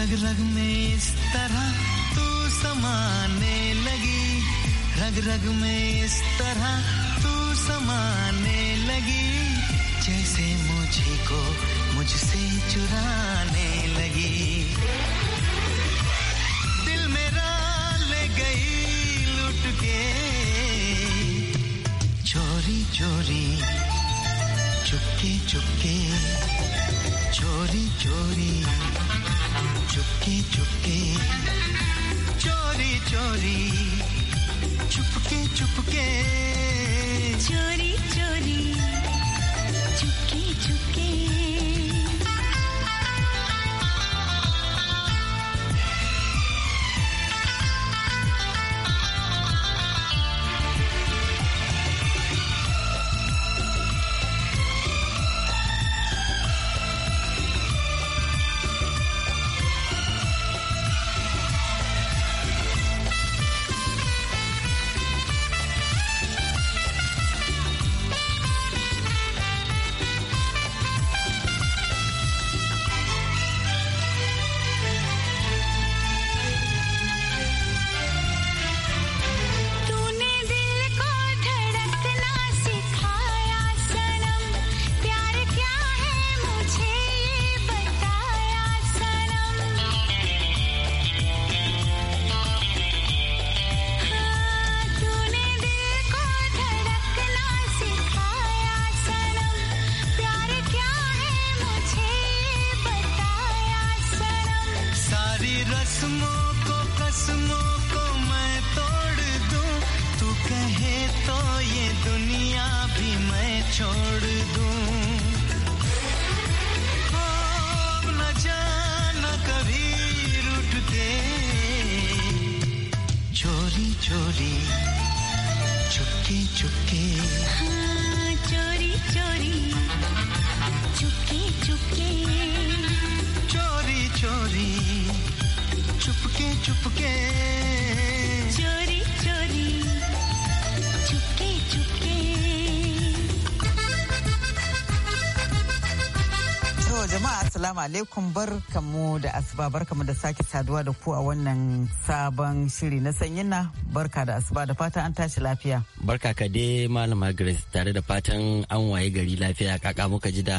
रग रग में इस तरह तू समाने लगी रग रग में इस तरह तू समाने लगी जैसे मुझे को मुझसे चुराने लगी दिल मेरा ले गई लुट के चोरी चोरी चुपके चुपके चोरी चोरी चुपके चुपके चोरी चोरी चुपके चुपके चोरी चोरी चुपके चुपके छोड़ दूं अब न जाना कभी रूठ के चोरी चोरी चुपके Chupke Assalamu alaikum barkamu da asuba kamu da sake saduwa da ku a wannan sabon shiri na sanyin na barka da asuba da fatan an tashi lafiya. Barka ka dai malama Grace tare da fatan an waye gari lafiya kaka muka ji da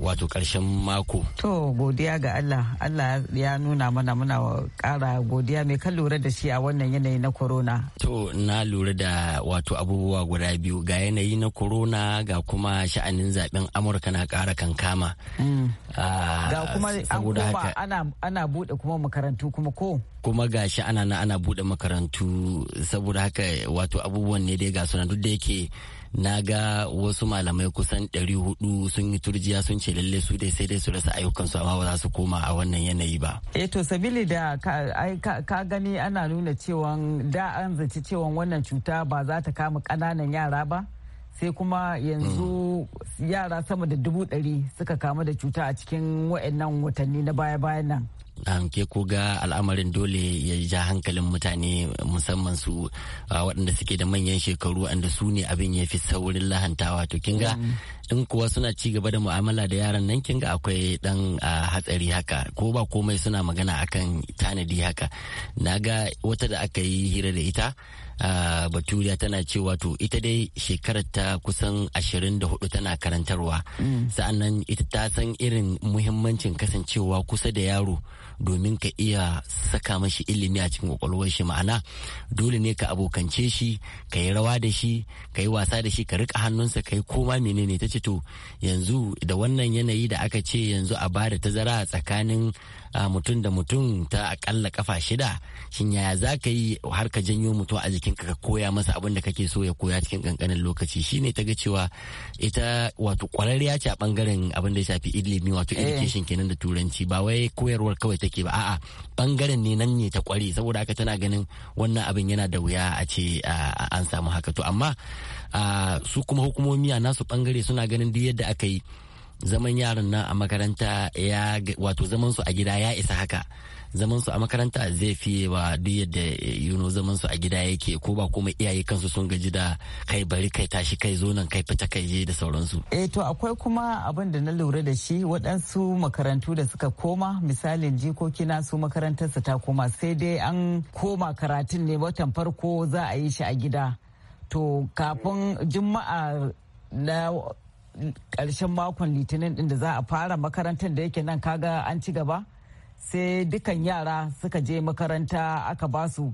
wato karshen mako. To godiya ga Allah Allah ya nuna mana muna kara godiya mai kan lura da shi a wannan yanayi na corona. To na lura da wato abubuwa guda biyu ga yanayi na corona ga kuma sha'anin zaben Amurka na kara kankama. Mm. Uh, ga kuma an kuma ana ana bude kuma makarantu kuma ko kuma gashi ana na ana bude makarantu saboda haka wato abubuwan ne dai ga suna duk da yake na ga wasu malamai kusan 400 sun yi turjiya sun ce lalle su dai sai dai su rasa ayyukansu amma ba za su koma a wannan yanayi ba. E to sabili da ka, gani ana nuna cewa da an zaci cewa wannan cuta ba za ta kama kananan yara ba? sai kuma yanzu yara sama da dubu ɗari suka kamu da cuta a cikin wa'annan watanni na baya-bayan nan. hanke ko ga al'amarin dole ya ja hankalin mutane musamman su ah, waɗanda suke da manyan shekaru wanda su ne abin ya fi saurin lahantawa to kin ga mm. in kuwa suna ci gaba da mu'amala da yaran nan kin ga akwai dan ah, hatsari haka ko ba komai suna magana akan tanadi haka na ga wata da aka yi hira da ita baturiya tana cewa to ita dai shekarar ta kusan 24 tana karantarwa mm. sa'annan ita ta san irin muhimmancin kasancewa kusa da yaro domin ka iya saka mashi ilimi a cikin kwakwalwar shi ma'ana dole ne ka abokance shi ka yi rawa da shi ka yi wasa da shi ka rika hannunsa ka yi koma menene ta ce to yanzu da wannan yanayi da aka ce yanzu a bada tazara tsakanin mutum da mutum ta akalla kafa shida shin yaya za ka yi har ka janyo mutum a jikinka ka koya masa abin da kake so ya koya cikin kankanin lokaci shine ta ga cewa ita wato kwararriya ce a bangaren abin da ya shafi ilimi wato eh. education kenan da turanci ba wai koyarwar kawai take ba a'a bangaren ne nan ne ta kware saboda haka tana ganin wannan abin yana da wuya a ce an samu haka to amma su kuma hukumomi a nasu bangare suna ganin duk yadda aka yi zaman yaran nan a makaranta ya wato zaman su a gida ya isa haka zaman su a makaranta zai fiye wa duk yadda eh, yuno zaman su a gida yake ko ba kuma iyaye kansu sun gaji da kai bari kai tashi kai zo nan kai fita kai je da sauransu. eh to akwai kuma abin da na lura da shi waɗansu makarantu da suka koma misalin jikokina su makarantar su ta koma sai dai an koma karatun ne watan farko za a yi shi a gida to kafin juma'a na karshen makon litinin din da za a fara makarantar da yake nan kaga an ci gaba sai dukan yara suka je makaranta aka ba su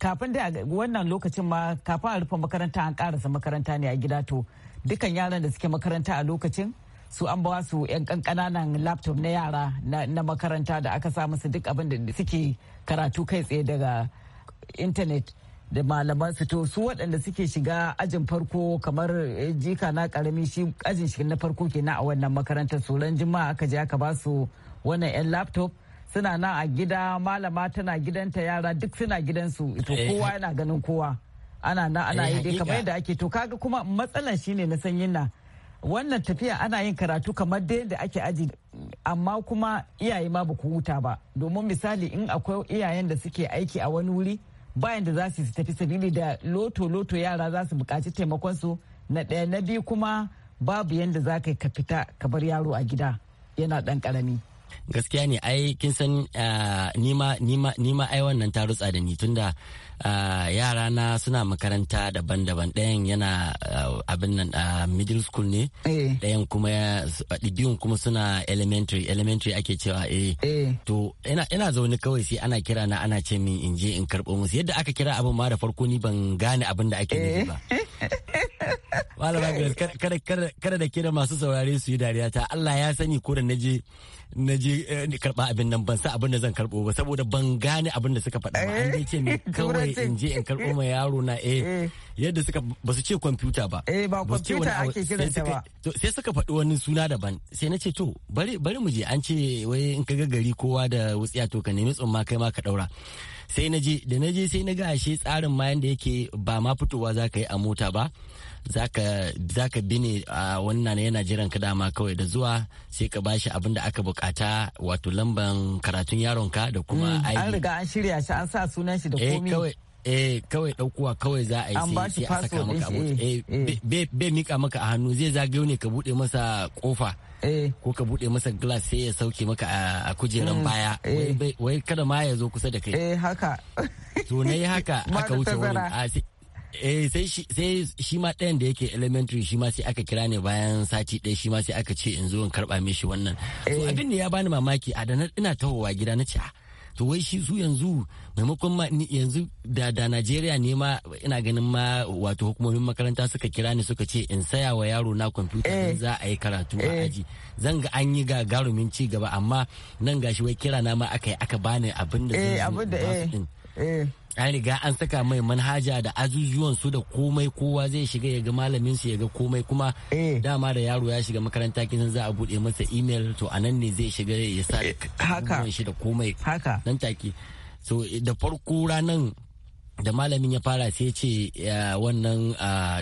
kafin da wannan lokacin ma kafin a rufe makaranta an karasa makaranta ne a gida to dukan yaran da suke makaranta a lokacin su an ba su yan kankananan laptop na yara na makaranta da aka sa musu duk abin da suke karatu kai tsaye daga intanet da malaman su to su waɗanda suke shiga ajin farko kamar eh, jika na karami shi ajin shi na farko kenan a wannan makarantar tsoron jima'a aka je aka ba su wannan 'yan laptop suna nan a gida malama tana gidanta yara duk suna gidansu ito eh, kowa yana ganin kowa ana nan ana eh, yi dai kamar yadda ake to kaga kuma matsalan shine na sanyin na wannan tafiya ana yin karatu kamar dai yadda ake aji amma kuma iyaye ma ba ku huta ba domin misali in akwai iyayen da suke aiki a wani wuri bayan da za su tafi sabili da loto-loto yara za su buƙaci taimakon su na ɗaya na biyu kuma babu yadda za ka ka fita ka bar yaro a gida yana ɗan ƙarami. gaskiya ne ai kin san nima nima nima ai wannan ta rutsa da ni tunda yara na suna makaranta daban-daban ɗayan yana abin nan middle school ne eh. ɗayan kuma biyun kuma suna elementary elementary ake cewa eh to ina zaune kawai sai ana kira na ana ce min in je in karɓo musu yadda aka kira abin ma da farko ni ban gane abin da ake nufi ba eh. Malama Grace kada da kira masu saurare su yi dariya ta Allah ya sani ko da naje naje eh, karba abin nan ban sa abin da zan karbo ba saboda ban gane abin da suka faɗa ba an dai ce ne eh, kawai in je in karbo ma yaro na eh, eh yadda suka ba su ce kwamfuta ba eh ba kwamfuta ake kiranta ba sai suka faɗi wani suna daban sai na ce to bari bari mu je an ce wai in ka ga gari kowa da wutsiya to ka nemi tsumma kai ma ka daura sai na je da na je sai na ga ashe tsarin ma yanda yake ba ma fitowa za ka yi a mota ba za ka bi ne a wannan yana jiran ka dama kawai da zuwa sai ka bashi abin da aka bukata wato lamban karatun yaronka da kuma mm, an riga an shirya shi an sa sunan shi da eh, komi eh kawai ɗaukuwa kawai za a yi sai a saka maka mota eh, eh, eh. bai mika maka a hannu zai zagayo ne ka bude masa kofa Eh. ko ka bude masa glass sai ya sauke maka a kujeran mm. baya eh. wai kada ma ya zo kusa da kai eh haka to na yi haka aka wuce wurin ah, eh sai shi sai shi ma ɗayan da yake elementary shi ma sai aka kira ne bayan sati ɗaya shi ma sai aka ce in zo in karɓa mishi wannan so eh. abin da ya bani mamaki a da ina tahowa gida na ce ah, to wai shi su yanzu maimakon ma yanzu da da Najeriya ne ma ina ganin ma wato hukumomin makaranta suka kira ni suka ce in saya wa yaro na kwamfuta eh. za a yi karatu a eh. aji zan ga an yi gagarumin ci gaba amma nan gashi wai kira na ma aka yi aka bani abin da eh, zai da eh an riga an saka mai manhaja da azuzuwan su da komai kowa zai shiga ya ga malamin su ya ga komai kuma eh. dama da yaro ya shiga makaranta kisan za a bude masa email to anan ne zai shiga ya sa eh, haka shi da komai haka nan take so da farko ranan da malamin ya fara sai ce wannan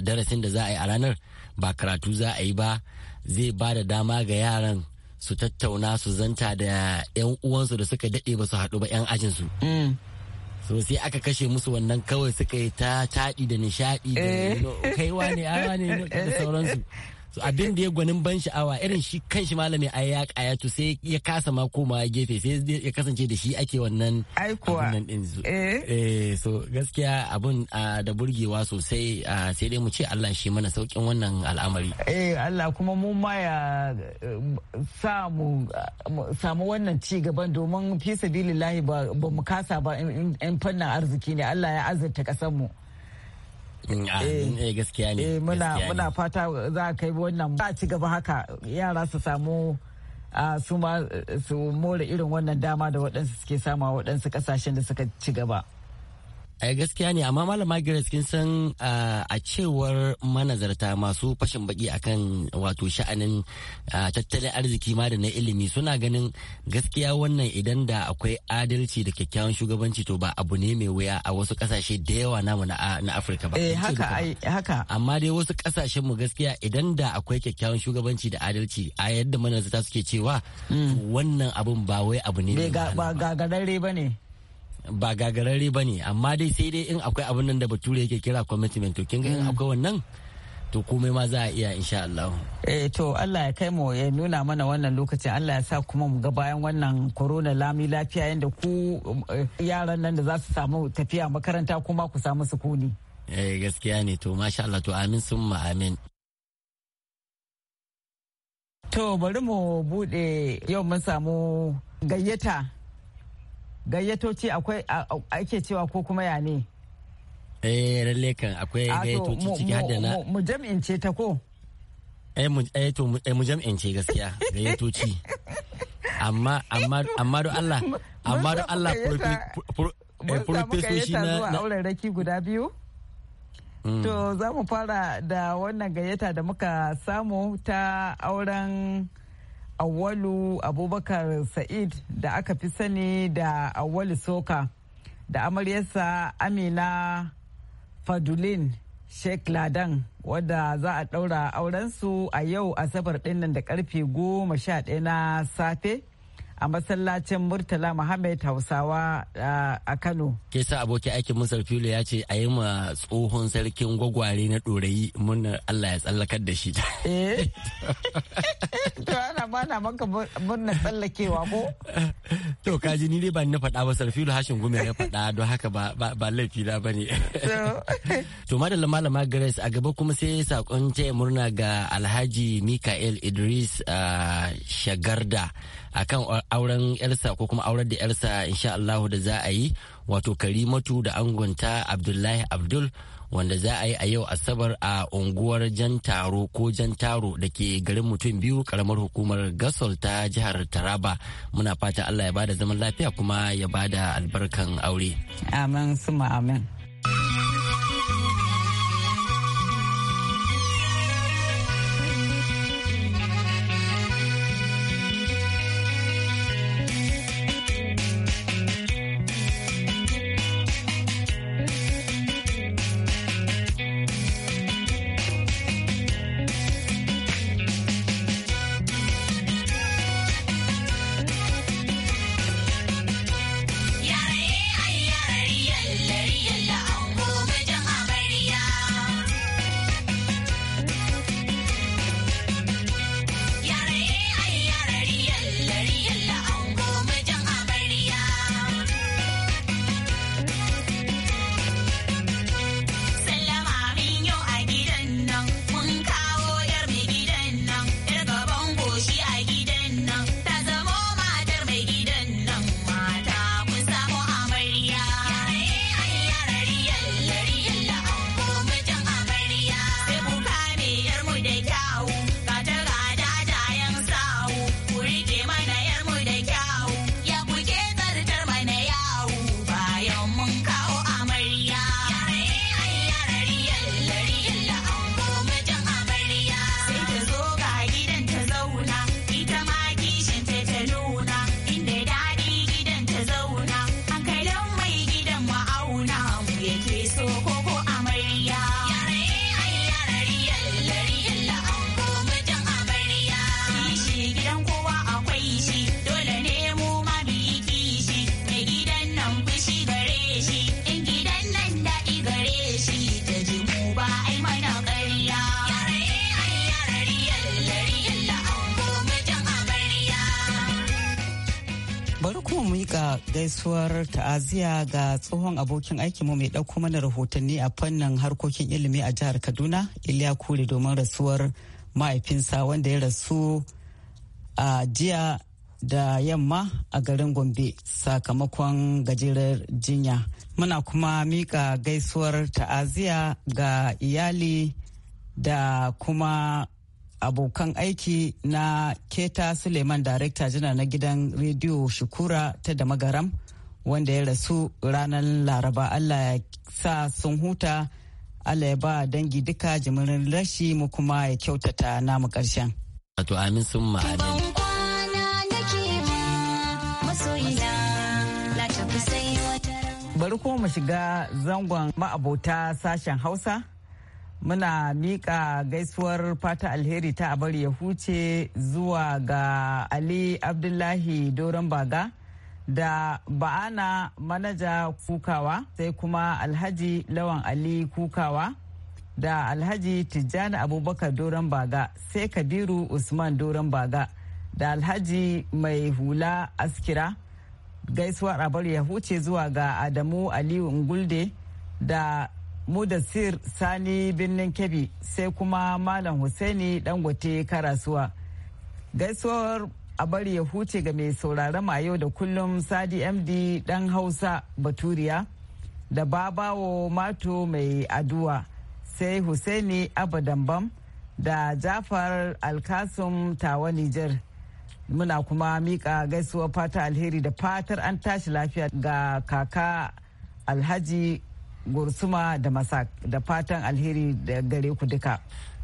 darasin da za a yi a ranar ba karatu za a yi ba zai ba da dama ga yaran su tattauna su zanta da 'yan uwansu da suka daɗe ba su haɗu ba 'yan ajinsu. Mm. to sai aka kashe musu wannan kawai suka yi ta taɗi da nishaɗi da eh. kaiwa ne awa ne da sauransu so abin da ya gwanin ban sha'awa irin shi kan shi malami a ya to sai ya kasa ma koma gefe sai ya kasance da shi ake wannan nan din eh? eh so gaskiya abun da burgewa sosai sai dai mu ce Allah shi mana saukin wannan al'amari eh Allah kuma mu ma ya eh, samu samu wannan ci gaban domin fi sabilillahi ba mu kasa ba in fannin arziki ne Allah ya azurta kasar mu Eh, eh gaskiya ne eh, muna muna fata za a kai wannan ba ci gaba haka yara su samu su more irin wannan dama da waɗansu suke sama waɗansu kasashen da suka ci gaba a eh, gaskiya ne amma malama Grace kin san eh, a cewar manazarta masu fashin baki akan wato sha'anin eh, tattalin arziki ma da na ilimi suna ganin gaskiya wannan idan da akwai adalci da kyakkyawan shugabanci to ba abu ne mai wuya a wasu kasashe da yawa namu na Afirka ba. haka Amma dai wasu kasashen mu gaskiya idan da akwai kyakkyawan shugabanci da adalci a yadda manazarta suke cewa mm. wannan abun ba wai abu ne. Ba ba ne. ba gagararre ba ne amma dai sai dai in akwai abin nan da bature yake kira commitment to kin in mm. akwai wannan to komai ma za a iya insha Allah. Eh to Allah ya kai mu ya nuna mana wannan lokacin Allah ya sa kuma mu ga bayan wannan corona lami lafiya yanda ku eh, yaran nan da za su samu tafiya makaranta kuma ku samu sukuni. Eh gaskiya ne to masha Allah to amin summa amin. To bari mu bude yau mun samu gayyata gayyatoci akwai ake cewa ko kuma ya ne eh lalle kan akwai gayyatoci ciki hada da na mu jam'ince ta ko eh mu eh to mu eh, jam'ince gaskiya gayyatoci amma amma amma don Allah amma don Allah eh, profesoshi na na auren raki guda biyu hmm. to za mu fara da wannan gayyata da muka samu ta auren Awalu Abubakar Sa'id da aka fi sani da Awalu Soka da amaryarsa Amina Fadulin Sheikh Ladan wadda za a ɗaura aurensu a yau Asabar ɗinnan da karfe goma sha ɗaya na safe. a masallacin Murtala Muhammad Hausawa a Kano. Ke sa aboki aikin Musar Filo ya ce a yi ma tsohon sarkin gwagware na ɗorayi murnar Allah ya tsallakar da shi. Eh. bana maka murna tsallakewa ko to kaji ni dai ba ni na faɗa ba sarfilu hashin gumi ya faɗa don haka ba ba laifi na bane to madalla malama grace a gaba kuma sai sakon taya murna ga alhaji mikael idris shagarda kan auren yarsa ko kuma auren da yarsa insha Allah da za a yi wato karimatu da angonta abdullahi abdul wanda za a yi a yau asabar a unguwar jan taro ko jan taro da ke garin mutum biyu karamar hukumar gasol ta jihar taraba muna fata allah ya bada zaman lafiya kuma ya bada albarkan aure amin suma amin gaisuwar ta'aziya ga tsohon abokin aiki mu mai ɗauko mana rahotanni a fannin harkokin ilimi a jihar Kaduna, Iliya Kure domin rasuwar mahaifinsa wanda ya rasu a jiya da yamma a garin Gombe sakamakon gajerar jinya. Muna kuma mika gaisuwar ta'aziya ga iyali da kuma abokan aiki na keta suleiman darekta jina na gidan rediyo shukura ta da magaram wanda ya rasu ranar laraba allah ya sa sun huta allah ya ba dangi duka jimirin rashi mu kuma ya kyautata namu karshen bari kuma mu shiga zangon ma'abota sashen hausa muna mika gaisuwar fata alheri ta abar ya huce zuwa ga ali abdullahi doron baga da ba'ana manaja kukawa sai kuma alhaji lawan ali kukawa da alhaji tijjani abubakar doron baga sai kabiru usman doron baga da alhaji mai hula askira gaisuwar abar ya huce zuwa ga adamu aliyu ngulde da mu da Mudassir Sani Birnin Kebbi sai kuma Malam Hussaini Dangote Karasuwa. Gaisuwar a bari ya huce ga mai sauraron a yau da kullum Sadi MD dan Hausa Baturiya da Babawo Mato mai addua sai Hussaini Abadambam da Jafar Alkasum Tawa Nijar. Muna kuma mika gaisuwar fata alheri da fatar an tashi lafiya ga kaka Alhaji gursuma da masak da fatan alheri da gare ku duka.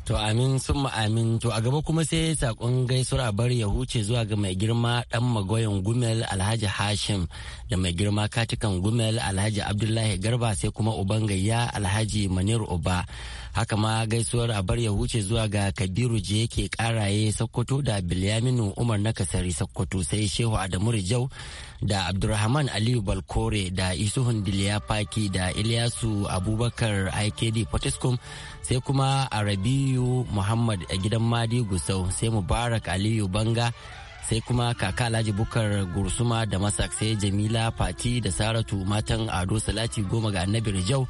To amin sun amin to a gaba kuma sai sakon a bar ya huce zuwa ga mai girma dan magoyan gumel alhaji hashim da mai girma katikan gumel alhaji abdullahi garba sai kuma uban gayya alhaji manir uba. haka ma gaisuwar a bar ya huce zuwa ga kabiru je yake karaye sokoto da bilyaminu umar na kasari sokoto sai shehu adamu rijau da abdurrahman aliyu balkore da isuhun diliya faki da ilyasu abubakar ikd potiskum sai kuma arabiyu muhammad a gidan madi gusau sai mubarak aliyu banga sai kuma kaka alhaji bukar gursuma da masak sai jamila fati da saratu matan ado salati goma ga annabi rijau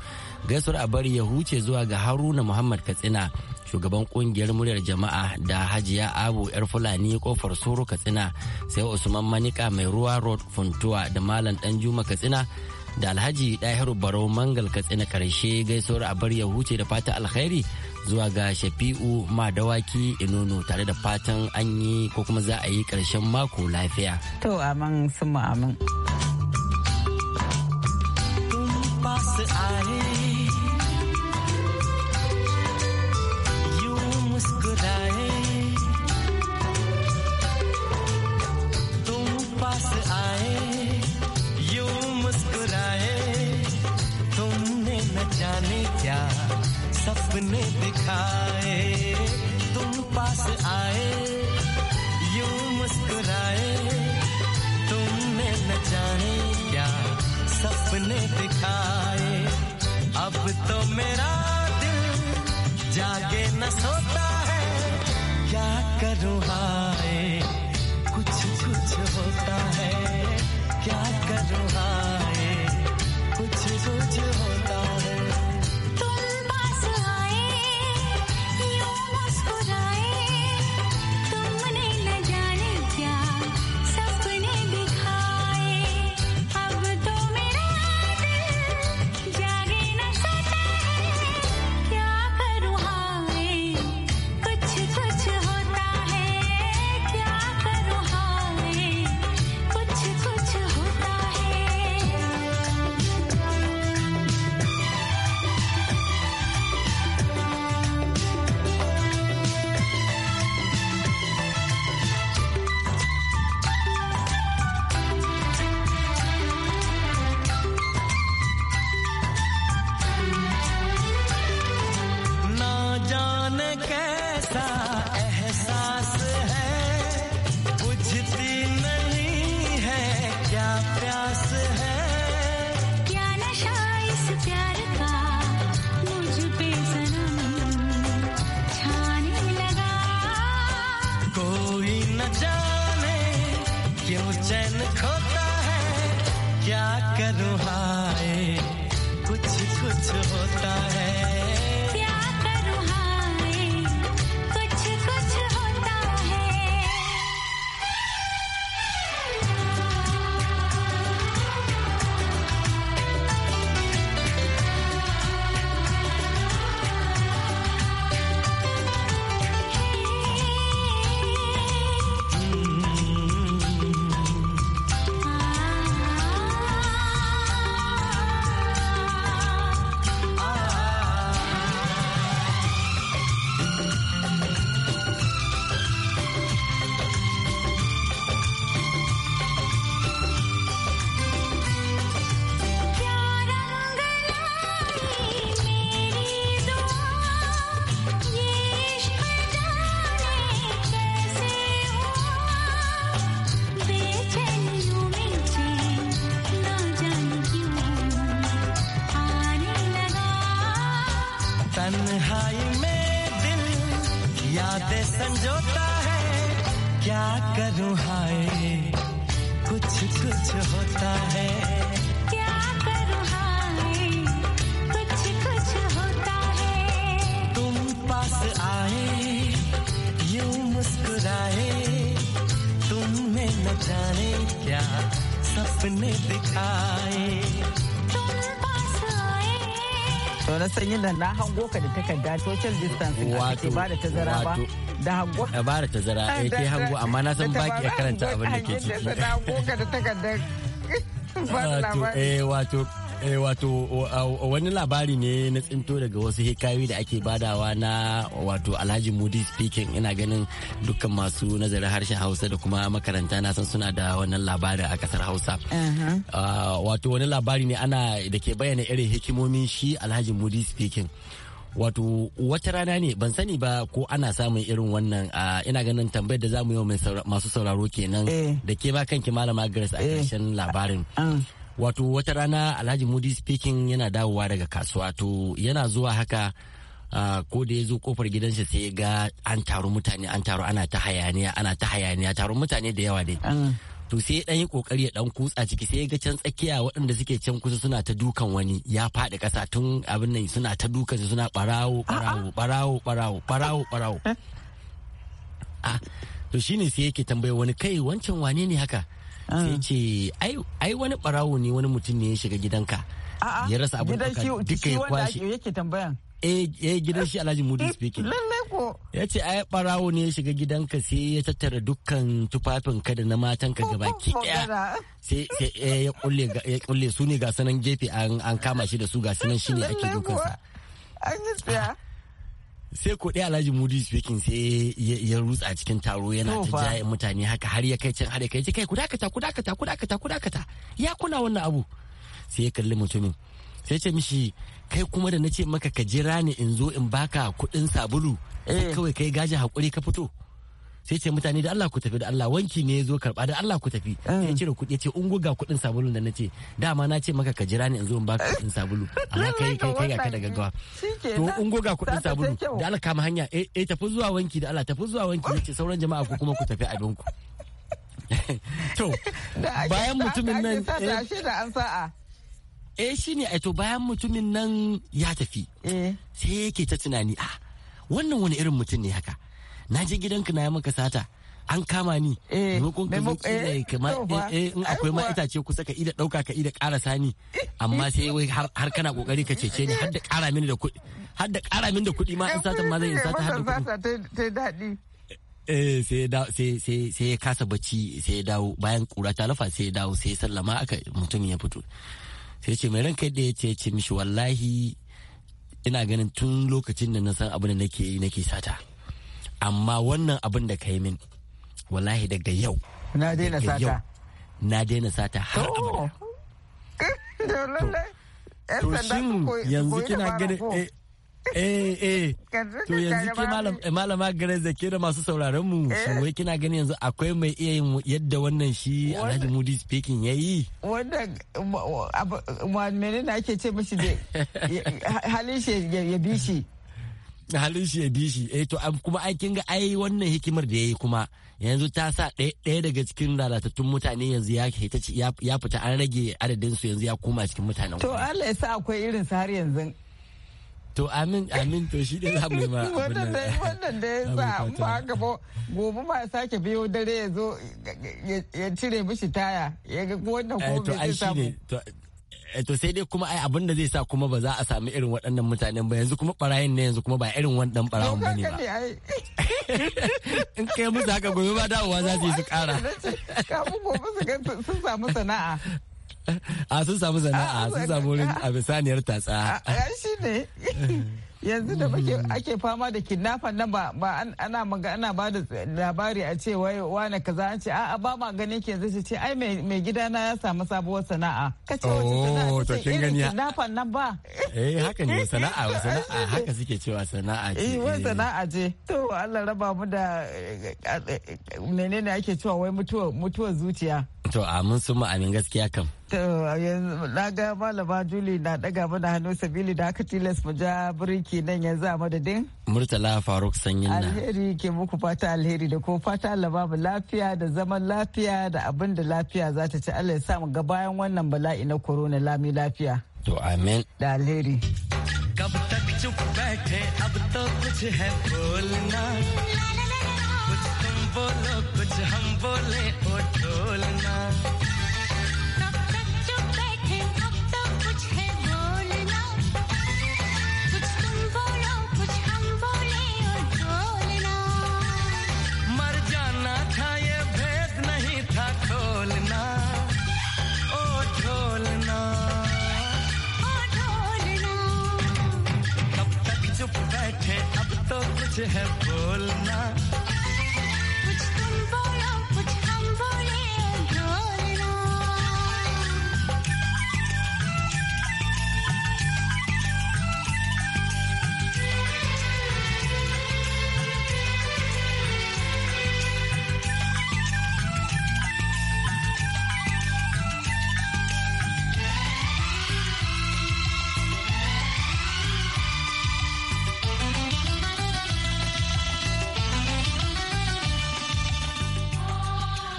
gaisuwar a bari ya huce zuwa ga haruna muhammad katsina shugaban kungiyar muryar jama'a da hajiya abu yar fulani kofar soro katsina sai usman manika mai ruwa road funtuwa da malam dan juma katsina da alhaji ɗahiru barau mangal katsina karshe gaisuwar a bar ya huce da fata alkhairi zuwa ga shafi'u ma dawaki inono tare da fatan an yi ko kuma za a yi ƙarshen mako lafiya to amin sun mu amin. क्यों चैन खोता है क्या करूँ हाय कुछ कुछ होता है करूं हाय कुछ कुछ होता है क्या करूं हाय कुछ कुछ होता है तुम पास आए यूं मुस्कुराए तुमने न जाने क्या सपने दिखाए to na san yadda na hango ka da takarda social distancing a ba da tazara ba da hango a bara ta zara eh, hango amma na san baki ya karanta abin da ke ciki da hango ka da takardar eh, wato eh wato wani labari ne na tsinto daga wasu hikayoyi da ake badawa na wato alhaji mudi speaking ina ganin dukkan masu nazarin harshen hausa da kuma makaranta na san suna da wannan labarin a kasar hausa uh-huh. ah, wato wani labari ne ana da ke bayyana irin hikimomin shi alhaji mudi speaking wato wata rana ne ban sani ba ko ana samun irin wannan ina ganin tambayar da za mu yi wa masu sauraro kenan eh. da ke ba kanki malama Grace a karshen eh. labarin ah, ah. wato wata rana Alhaji Mudi speaking yana dawowa daga kasuwa to yana zuwa haka ko da ya zo kofar gidansa sai ya ga an taru mutane an taru ana ta hayaniya ana ta hayaniya taron mutane da yawa dai. Ah. to sai dan yi kokari ya dan kutsa ciki sai ga can tsakiya waɗanda suke can kusa suna ta dukan wani ya faɗi ƙasa tun abin nan suna ta dukan suna barawo barawo barawo barawo barawo barawo a to shine sai yake tambaye wani kai wancan wane ne haka ah. sai ce ai wani barawo ne wani mutum ne ya shiga gidanka ya rasa abin da duka ya kwashe yake tambayan eh, eh gidan shi Alhaji Mudi eh, speaking ko. Ya ce ai barawo ne ya shiga gidanka sai ya tattara dukkan tufafin ka da na matanka gaba ki daya. Sai eh, ya kulle su ne ga sanan gefe an kama shi da su ga sanan shi ne ake dukansa. An yi tsaya. sai ko dai alhaji mudi speaking sai ya rutsa cikin taro yana ta jaye mutane haka har ya kai can har ya kai kai ku dakata ku dakata ku dakata ku dakata ya kuna wannan abu sai ya kalli mutumin sai ce mishi kai kuma da na ce maka ka jira ni in zo in baka kuɗin sabulu sai eh. kawai kai gaji hakuri ka fito sai ce mutane da Allah ku tafi da Allah wanki ne zo karba da Allah ku tafi eh. sai cire kuɗi ya ce un guga kuɗin sabulun da nace dama na ce maka ka jira ni in zo in baka eh. kuɗin sabulu amma kai kai kai ka daga gaggawa to un guga kuɗin sabulu da Allah kama hanya eh tafi zuwa wanki da Allah tafi zuwa wanki yace sauran jama'a ku kuma ku tafi abin ku to bayan mutumin nan da an sa'a eh shi ne to bayan mutumin nan ya tafi eh. sai yake ta tunani a ah, wannan wani irin mutum ne haka na je gidanka na yi maka sata an kama ni eh, maimakon ka zuci eh, kama in akwai ma itace kusa ka ida dauka ka ida ƙara sani amma sai wai har kana kokari ka cece ni har da ƙara mini da kuɗi har da ƙara mini da kuɗi ma in satan ma zai in sata har da kuɗi eh sai da sai sai sai ya kasa bacci sai ya dawo bayan kura ta lafa sai ya dawo sai ya sallama aka mutum ya fito sai ce mai ranka yadda ya ce ce mishi wallahi ina ganin tun lokacin da na san abin da nake yi nake sata amma wannan abin da ka yi min wallahi daga yau na daina sata na daina sata har abu to shin yanzu kina ganin eh eh to yanzu ke malama Grace da ke da masu sauraron mu eh. wai kina gani yanzu akwai mai iya yin yadda wannan shi Alhaji Mudi speaking yayi wanda menene ke ce mishi da halin shi ya bi shi halin shi ya bi shi eh to kuma ai kin ga ai wannan hikimar da yayi kuma yanzu ta sa ɗaya daga cikin lalatattun mutane yanzu ya ya fita an rage adadin su yanzu ya koma cikin mutanen to Allah ya sa akwai irin su har yanzu to amin amin to shi dai za mu yi ma wannan da ya sa ba gaba gobe ba sake biyo dare ya zo ya cire mishi taya ya ga wannan eh, ko bai samu eh, to sai dai kuma ai abin da zai sa kuma ba za a sami irin waɗannan mutanen ba yanzu kuma barayin ne yanzu kuma ba irin waɗannan barayin ba ne ba in kai musu haka gobe ba dawowa za su yi su ƙara. kafin gobe su samu sana'a a sun samu sana'a ah, sun samu wurin a ah. bisaniyar tatsa ah, shi ne yanzu da hmm. ake fama da kidnapper nan ba ana ana ba da labari a ce wai wane kaza an ce a'a ba ma ganin ke yanzu ce ai mai gida na ya samu sabuwar sana'a kace wata oh, sana'a to kin kidnapper nan ba eh haka ne sana'a sana'a haka suke cewa sana'a ce eh wai eh. sana'a ce to Allah raba mu da eh, eh, menene ake cewa wai mutuwa zuciya to amin sun mu amin gaskiya kam na ga malama juli na daga mana hannu sabili da aka tilas mu ja birki nan yanzu a madadin murtala faruk sanyin na alheri ke muku fata alheri da ko fata allah mu lafiya da zaman lafiya da abin da lafiya za ta ci allah ya sa mu ga bayan wannan bala'i na corona lami lafiya to amen da alheri kab tak chup baithe ab to kuch hai bolna kuch tum bolo kuch hum bole o tolna have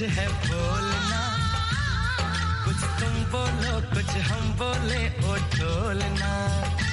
कुछ है बोलना कुछ तुम बोलो कुछ हम बोले ओ ढोलना